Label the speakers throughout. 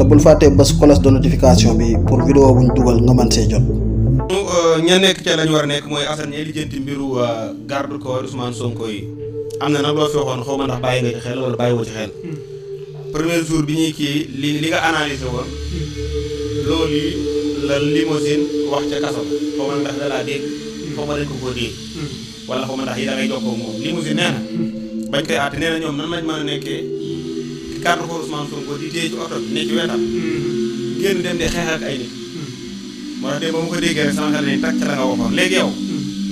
Speaker 1: te bul fàttee bés cloche de notification bi pour vidéo buñ dugal nga mën see jot.
Speaker 2: Euh, ña nekk ca lañ war a nekk mooy Assane ñay lijjanti mbiru euh, garde corps Ousmane Sonko yi am na nag loo fi waxoon xaw ma ndax bàyyi nga ci xel wala bàyyi woo ci xel. premier jour bi ñuy kii li li nga analysé woon loolu yi la limousine wax ca kaso xaw ma ndax da laa dégg. xaw ma dañ ko dégg. wala xaw ma ndax yi da ngay jokkoo moom limousine nee na. bañ koy àtte nee di cadre ko Ousmane Sonko di téye ci oto bi ne ci wetam. génn dem de xeex ak ay nit. moo tax ba mu ko déggee rek sama xel ne takk la nga waxoon léegi yow.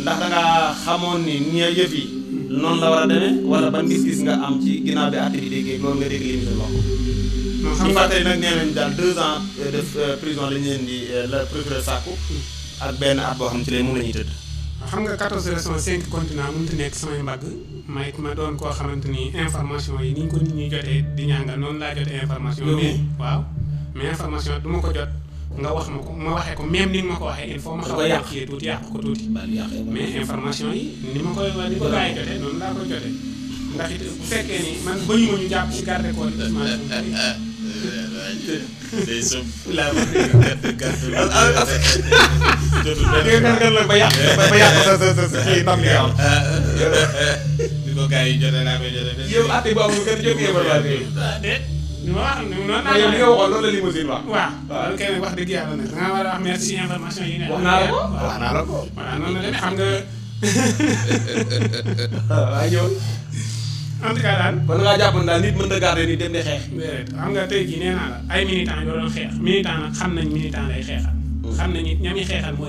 Speaker 2: ndax da ngaa xamoon ni ni nga yëf yi. noonu la war a demee wala ban gis-gis nga am ci ginnaaw bi àtte bi déggee loolu nga dégg li wax. non xam nga fàttali nag nee nañ daal deux ans euh, de prison la ñu leen di euh, la procureur sàkku. ak benn at boo xam ci leen moom la ñuy tëdd. xam nga 14 régions 5
Speaker 3: continents mënut nekk samay mbagg ma ma doon koo xamante ni information yi ni ñu ko nit ñi jotee di ñaanga noonu laa jotee information. mais waaw mais information du ma ko jot nga wax ma ko ma waxee ko même ni nga ma ko waxee il faut ma xaw a yàq kii tuuti yàq ko tuuti. mais information yi ni ma koy ni ko gars jotee noonu laa koy jotee ndax it bu fekkee ni man bañu ma ñu jàpp ci garde corps yi. Eh, eh, eh, day sëb. laa bëgg gàtt gàtt.
Speaker 2: la ba yàq ba yàq sa sa sa kii ndam li nga am. ni ko gars yi jotee naa koy jotee. yow àtte bu amul la limousine wax. waaw
Speaker 3: waaw kenn wax dëgg yàlla nag da a wax merci information yi nga. la ko wax naa la ko. voilà noonu la demee
Speaker 2: en tout cas daal. kon ngaa jàppoon daal nit mën na garder dem di xeex. xam nga
Speaker 3: tey jii nee la ay militant yoo doon xeex militant nag xam nañ militant lay xeexal. Hmm.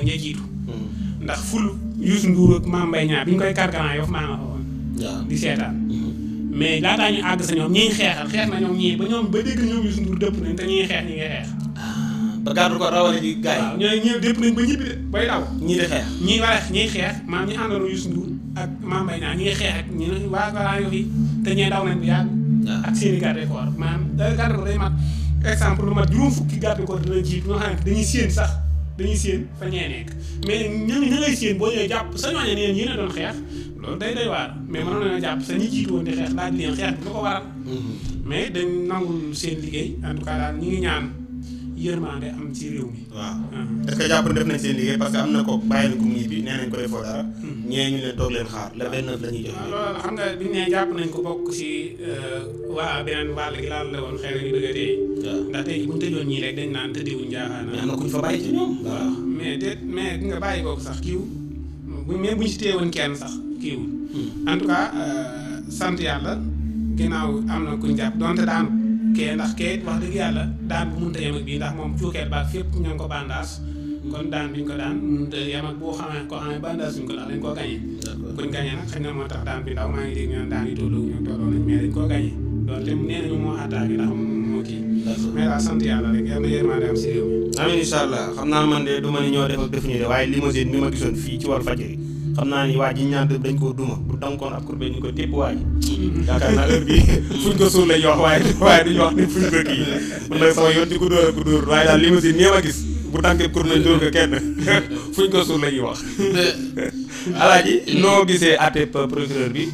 Speaker 3: Hmm. ndax ful Youssou Ndour ak Mame Mbaye Niang bi ñu koy karkaran yof maa hmm. mais laataa ñi xeexal xeex na ñoom ñii ba ñoom ba dégg ñoom Youssou Ndour dëpp nañ te ñi xeex ñi ngi xeex. Ah,
Speaker 2: ba gàddu ko rawale ji gars yi. dëpp nañ ba ñibbi de bay daw. ñii di xeex
Speaker 3: ñii war ñii xeex maam ñi àndoon Youssou Ndour ak maam Baye naa ñi ngi xeex ak ñu ne waa waa yoo fi te ñee daw nañ bu yàgg. Ah. ak seen i garde corps maanaam garde corps day mat exemple lu mat juróom fukki garde corps dina jiitu nga xam ne dañuy séen sax dañuy séen fa ñee nekk mais ña ña ngay séen boo ñëwee jàpp sa ñooñu neen yéen a doon xeex loolu day day waar mais mënoon nañoo jàpp sa ñi jiitu woon di xeex daal leen xeex bi ko waral. Mm-hmm. mais dañ nangul seen liggéey en tout cas ngi ñaan. yërmande am ci
Speaker 2: réew mi. waaw est-ce que jàpp def nañ seen liggéey parce que am na ko bàyyi na ko mu bi nee nañ ko defoo dara. Hmm. ñee ñu leen toog leen xaar la ah,
Speaker 3: xam nga bi ñu nee jàpp nañ ko bokk ci euh, waa beneen wàll gi laal la woon xel ñu bëgg a téye. waaw ndax tey ñii dañ naan tëddeewuñ jaaxaana. mais am na ku mais déet nga bàyyi kooku sax kiiw bu même bu ñu ci téyewoon kenn sax kiiw hmm. en tout euh, sant yàlla ginnaaw am na ku jàpp donte daanu kee ndax kee wax dëgg yàlla daan bu mënta yem ak bii ndax moom cuukeet baak fépp ñoo ngi ko bandaas kon daan bi ñu ko daan mënta yem ak boo xamee ko xamee bandaas ñu ko dañ koo gañee buñ gañee nag xëy na moo tax daan bi ndaw maa dañ koo gañee doonte nee nañu moo attaqué ndax moo kii mais daal sant yàlla rek yal na am si réew mi
Speaker 2: amiin xam naa man de du ma ni ñoo def ak defuñu de waaye limousine mi ma gisoon fii ci wàllu fajiri xam naa ni waa ji ñaan dañ koo duma bu dankoon ab kurbe ñu ko tépp waa ji yaakaar naa heure bi fuñ ko suul lañuy wax waaye waaye duñu wax ni fuñ ko kii man nag sama yoon ci ku dóor ak ku dóor waaye daal li ma si néew a gis bu tànkee kur nañ dóor ko kenn fuñ ko suul la ñuy wax alaaji noo gisee àtte procureur bi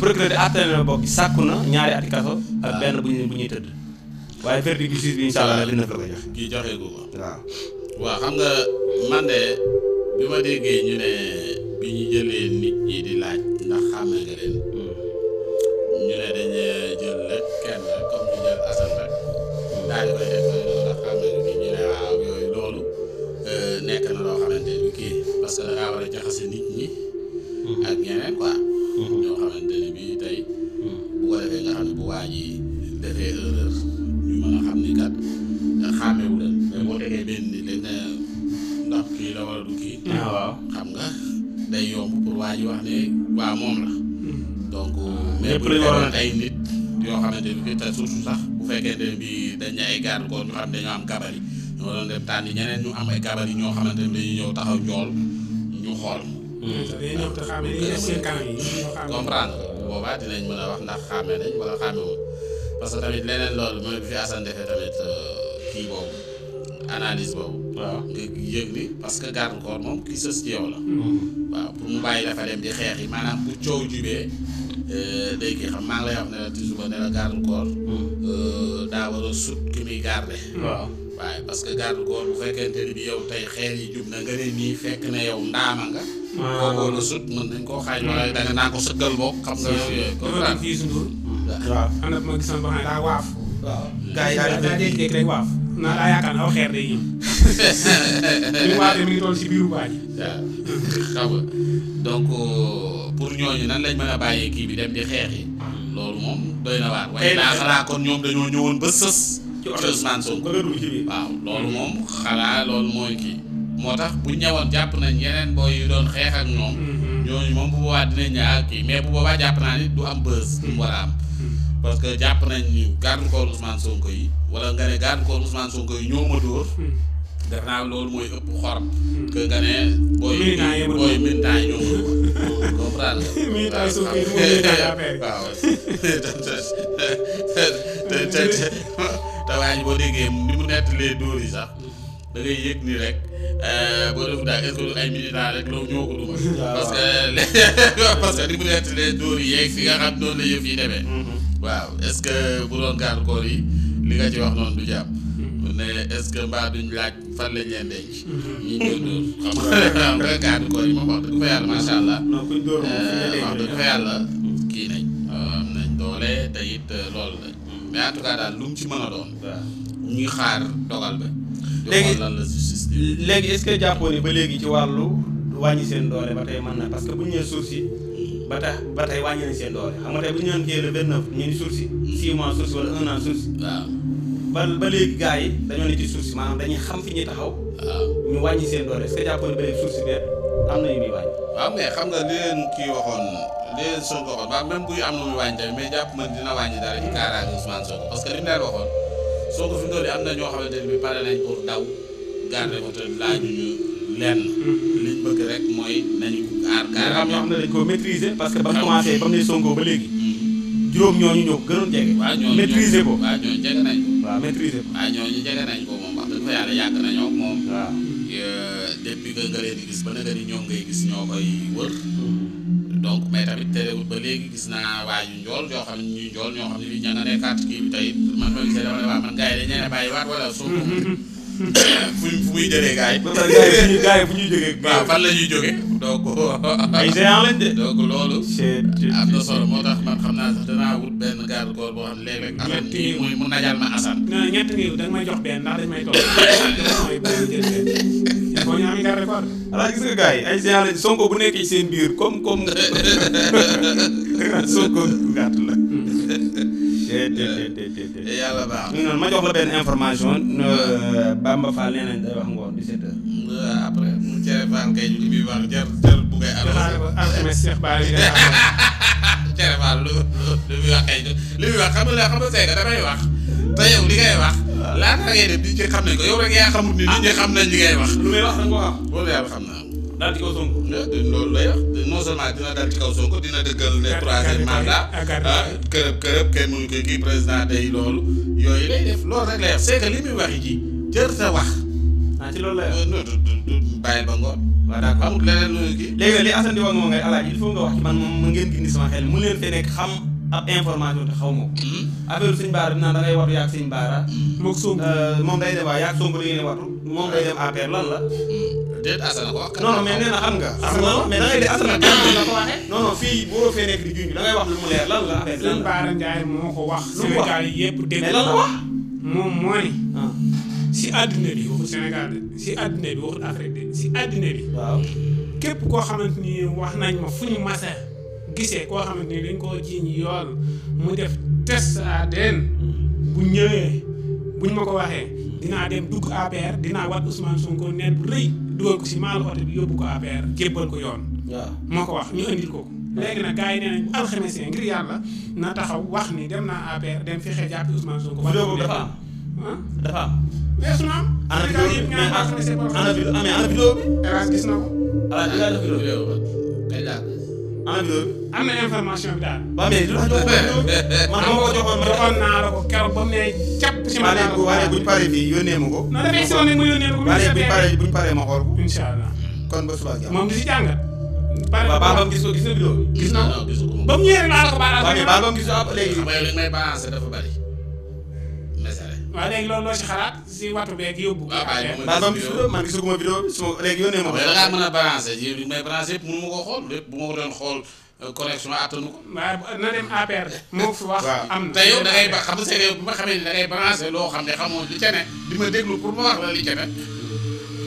Speaker 2: procureur bi àtte na bopp sàkku na ñaari ati kaso ak ah. benn bu ñuy bu ñuy tëdd waaye verdict bi justice bi incha allah dina ko joxe kii joxee ko
Speaker 1: waaw bi ñu jëlee nit ñi di laaj ndax xàmme nga leen hmm. ñu ne dañuy jël rek kenn comme jël asan rek hmm. daal di koy def ndax xàmme nga ñu ne waaw yooyu loolu euh, nekk na loo xamante ni kii parce que hmm. tey bu ko defee nga xam bu waa ji defee erreur ñu mën a xam ni kat xàmmewu leen mais boo tegee benn nit dañ ne ndax kii la wala du kii ah, waaw xam nga day yomb pour waa ji wax ne waa moom la. Hmm. donc euh, ah. mais bu ñu waroon ay nit yoo xamante ni bii te surtout sax bu fekkee ne bii dañ ay garde corps ñu xam ne am gabari ñu waroon ñeneen ñu am ay gabari ñoo xamante ne dañuy ñëw taxaw njool ñu xool. Hmm. dañuy ñëw te xàmme dañuy def seen kanam comprendre boobaa dinañ mën a wax ndax xàmme nañ wala xàmme wu parce que tamit leneen loolu mooy bi fi Assane defee tamit euh, kii boobu. analyse boobu. nga yëg ni parce que garde corps moom ki sës ci yow la. Mm-hmm. waaw pour mu bàyyi dafa dem di xeex yi maanaam bu coow jubee euh, day xam maa ngi lay wax ne la ne la garde corps. Mm-hmm. Euh, daa war a sut ki muy garde waaw parce que garde corps bu fekkente ni bi ah. a sut mën nañ koo xaaj. wala da nga naa ko sëkkal boog. xam nga yooyu comme daal
Speaker 3: dafa waaw am na ma gisoon ba xam ne daa waaf. waaw gars yi daal di waaf. naa laa yaakaar ne aw xeer day ñëw. li mu waatee mi ngi toll si biiru waa waaw
Speaker 1: xam nga euh, pour ñooñu nan lañ mën a bàyyee kii bi dem di xeex yi. loolu moom doy na waar. waaye naa xanaa kon ñoom dañoo ñëwoon ba sës. ci Ousmane Sonko waaw loolu moom xanaa loolu mooy kii. moo tax bu ñëwoon jàpp nañ yeneen booy yu doon xeex ak ñoom. Mm-hmm. ñooñu moom bu boobaa dinañ ñaar ah, kii mais bu boobaa jàpp naa ni du am bës. du mu am. parce que jàpp nañ garde corps Ousmane yi wala nga ne garde corps Ousmane yi ñoo dóor def naa loolu mooy ëpp xorom que nga ne booy booy yi ñoo ma
Speaker 3: dóor
Speaker 1: comprendre nga dóor yi sax da yëg ni rek euh, boo defu daal est ce ay militants rek loolu ñoo ko duma parce que parce que li mu nekk les dóor yi yeeg fi nga xam noonu la yëf demee mm-hmm. waaw est bu doon garde corps yi li nga ci wax noonu du jàpp mm-hmm. ne est mbaa duñ laaj fan lañ leen denc mm-hmm. ñi ñu nga garde corps yi moom wax dëgg fa yàlla macha allah euh, wax dëgg fa yàlla kii nañ am nañ doole te it euh, lañ
Speaker 2: mais en daal lu mu ci mën a doon ñu xaar dogal ba léegi léegi est-ce que jàppoo ni ba léegi ci wàllu wàññi seen doole ba tey man na parce que bu ñu nee suuf si ba tax ba tey wàññi nañ seen doole bu ñu doon kii le ñu ni suuf si six mois suuf si wala un ba léegi gars yi dañoo ne ci suuf si maanaam dañuy xam fi ñuy taxaw waaw ñu wàññi seen doole est-ce que jàppoo ni ba léegi suuf si beet am na yu muy wàññi waaw mais xam nga li
Speaker 1: leen kii waxoon li leen Sonko waxoon ba même buy am na muy wàññi tamit mais jàpp man dina wàññi dara ci kaaraange Ousmane Sonko parce que li mu waxoon soo ko fi mu toll am na ñoo xamante ne bi pare nañ pour daw
Speaker 2: garder ko te laajuñu lenn. Mm-hmm. liñ bëgg rek mooy nañu ko aar am na xam ko maîtriser parce que ba mu ah commencé ba mu ne Sonko ba léegi. Mm-hmm. juróom ñoo ko gënoon jege. waaw ko waaw ñooñu jege nañ ko. waaw maîtriser ko waaw jege nañ ko moom wax dëgg fa yàlla yàgg nañoo
Speaker 1: moom. waaw euh, depuis que nga leen di gis ba nga ni ñoom ngay gis ñoo koy wër. Mm-hmm. donc mais tamit terewul ba léegi gis naa waa yu njool yoo xam ne ñu njool ñoo xam ne li ña kii tey man ma gisee dama ne waa man gars yi dañ leen a bàyyi waat wala soo fu fu muy jëlee gars fu ñuy jógee. waaw fan la ñuy jógee donc.
Speaker 2: ay géant lañ
Speaker 1: de. donc loolu. am na solo moo tax man xam naa sax danaa wut benn garde corps boo xam ne
Speaker 2: léeg mu najal ma asan. non ñett yi may jox benn ndax dañ may toog mooy gis nga gars yi ay géant lañ Sonko bu nekkee seen biir comme comme. Sonko gàtt la. Hmm. te yàlla baax ñu noonu ma jox la benn information euh, Bamba Fall nee nañ
Speaker 1: wax ngoon 17h après mu ah, cere Fall kay li muy wax cere Fall lu lu muy wax kay li wax xam nga xam nga seega damay wax te yow li wax laata ngay def di ci xam nañ ko yow rek yaa xamut ni nit ñi xam nañ li wax lu muy wax da nga ko xam loolu xam naa daal ci kaw Sonko. dina daal ci kaw Sonko dina dëggal ah, kërëb kërëb kenn mënu ko kii président day loolu yooyu lay def loolu rek lay wax c'est li muy wax ji jër sa wax.
Speaker 2: ah ci loolu lay wax euh, du bàyyil ba ngoon. waaw d'accord amul leneen lu kii. léegi li Assane moom ngay alaaji il faut nga wax man mu ngeen gindi sama xel mu leen fee nekk xam ab information te xaw ma ko. Hmm? affaire baara bi naan da watu yaag suñ baara. Hmm. moom Sonko euh, moom day dem waaw déet Assane wax. non non mais nee na xam nga. Assane ah, mais da ngay dee Assane la ko waxee. fii boo fee nekk di junj da ngay wax lu mu leer lan la. lan la sëñ moo ko wax. lu
Speaker 3: mu wax moom moo ah. si àddina bi waxul Sénégal de si àddina bi si àddina bi. képp koo xamante ni wax nañ ma fu ñu masa gisee koo xamante ni dañ koo jiiñ yool mu def test ADN. Hmm. bu ñëwee buñ ma ko waxee. dinaa dem dugg APR dinaa wat Ousmane Sonko neer bu rëy. dugal ko si maalu oto bi yóbbu ko APR jébbal ko yoon. waaw moo ko wax ñu andil ko ko. léegi nag gars yi nee nañ bu ngir yàlla na taxaw wax ni dem naa APR dem fexe jàppi Ousmane Sonko. bu dee dafa dafa am. Ah? weesu na ah, ana vidéo bi ana vidéo ana gis na ko.
Speaker 1: ala bi laa
Speaker 3: ana
Speaker 2: vidéo bi. am na information bi daal. waaw mais du la jox man ma ko joxoon ma joxoon naa la ko keroog ba mu ne càpp ci ma. daal ko waaye buñ paree fii yónnee ma ko. non dafay sonné mu yónnee ko. ministère bi waaye buñ paree ma xool ko. incha allah kon ba suba jàmm. moom di si jàngat. pare ba baaxam gis ko gis na vidéo bi. gis
Speaker 1: naa ko
Speaker 2: ba mu ñëwee laa la ko baalaat. waaw mais baaxam gis naa ko léegi.
Speaker 1: xam nga li may balancé dafa
Speaker 2: bari. waaw léegi
Speaker 3: loolu loo si xalaat si waxtu beeg yóbbu. waaw waaye moom vidéo man
Speaker 2: gisaguma vidéo bi su ma léegi yónnee ma ko. mais da ngaa mën a balancer yéen may balancer yëpp mënu
Speaker 3: ma ko xool lépp bu ma ko
Speaker 1: doon xool connexion attanu ko. waaw wax am te yow da ba xam nga bu ma xamee ni da ngay loo xam ne xamoo li ca ne di ma déglu pour ma wax la li ca ne.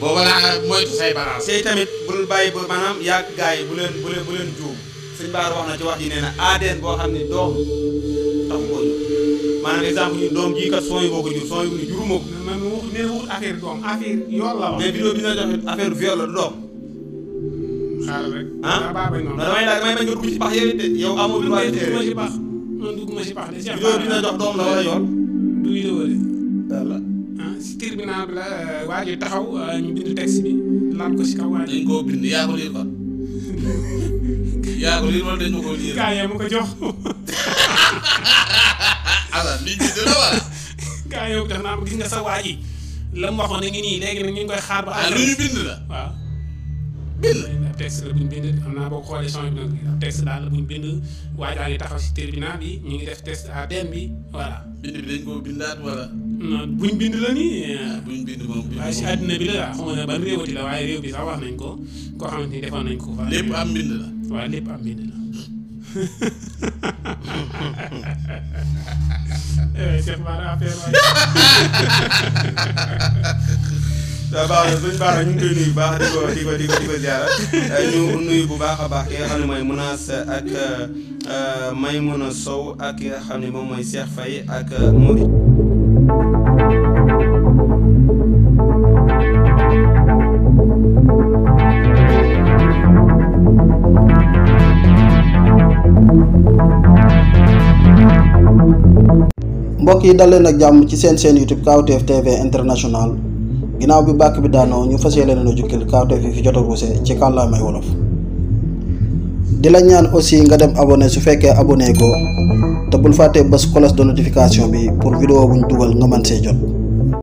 Speaker 2: booba laa moytu say balance. tey tamit bul bàyyi ba maanaam yàgg gars yi bu leen bu leen juum sëñ Baar wax na ci wax ji nee boo xam ne doom taxu koo jur maanaam exemple ñun doom jii kat son boo ko jur son bu ñu juruma ko. man man doom affaire yoon la wax. mais vidéo bi ñu la joxe affaire viol du doom. xaaral rek. ah damay laaj damay bañ nga dugg ci pax yow it yow amul. lu waay dugguma ci pax man dugguma ci pax de. Cheikh Bara dina jox doom la wala yoon. du vidéo de. walla
Speaker 3: ah si tribunal bi la waa ji taxaw ñu bind texte bi laal ko si kaw waa ji. dañ koo bind yaa ko liir kon
Speaker 1: yaa ko liir wala dañ ma koo liir. gaa yee ma ko jox. alors
Speaker 3: liñ bind la wala. gaa yow def naa gis nga sa waa ji la mu waxoon ne ngi nii léegi nag ñu ngi koy xaar ba. ah lu ñu bind la waaw bind. Test la bu bind on a boo la champs bi a texte daal la bu ñu bind waaye taxaw a tribunal bi ñu ngi def test ADN bi voilà. bind bi dañ koo wala. non bind la nii. Ah, bu bind moom waaye si bi la ban la waaye rew bi sax wax nañ ko ko xamante defal nañ ko. lepp am
Speaker 1: bind la. waaw lépp am bind la.
Speaker 2: Cheikh Bara affaire waaw baax na suñu baax na ñu ngi koy nuyu bu baax di ko di ko di ko di ko ziara ñu nuyu bu baax a baax ki nga xam ne mooy Munaas ak Maymuna Sow ak ki nga xam ne moom mooy Cheikh Faye ak Mouri.
Speaker 1: mbokk yi dal leen ak jàmm ci seen seen YouTube KOTF TV international. ginaaw bi bàkk bi daanoo ñu fas yéene na jukkil kaawteef yi fi jot a ruuse ci kàllaamay wolof di la ñaan aussi nga dem abonné su fekkee abone ko te bul fàtte bés cloche de notification bi pour vidéo buñ dugal nga mën see jot